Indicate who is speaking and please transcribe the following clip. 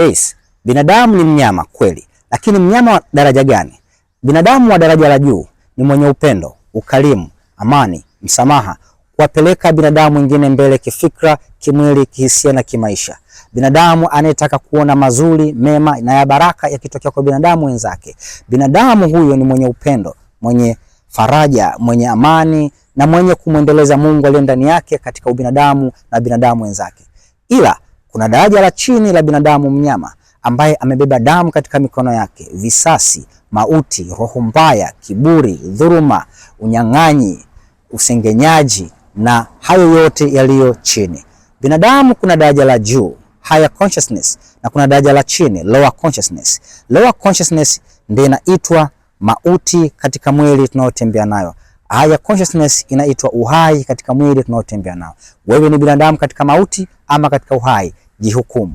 Speaker 1: Ace, binadamu ni mnyama kweli, lakini mnyama wa daraja gani? Binadamu wa daraja la juu ni mwenye upendo, ukarimu, amani, msamaha, kuwapeleka binadamu wengine mbele kifikra, kimwili, kihisia na kimaisha. Binadamu anayetaka kuona mazuri, mema na ya baraka yakitokea kwa binadamu wenzake. Binadamu huyo ni mwenye upendo, mwenye faraja, mwenye amani na mwenye kumwendeleza Mungu aliye ndani yake katika ubinadamu na binadamu wenzake. Ila kuna daraja la chini la binadamu mnyama ambaye amebeba damu katika mikono yake, visasi, mauti, roho mbaya, kiburi, dhuruma unyang'anyi, usengenyaji na hayo yote yaliyo chini. Binadamu kuna daraja la juu higher consciousness na kuna daraja la chini lower consciousness. Lower consciousness ndio inaitwa mauti katika mwili tunayotembea nayo. Haya consciousness inaitwa uhai katika mwili tunaotembea nao. Wewe ni binadamu katika mauti ama katika uhai, jihukumu.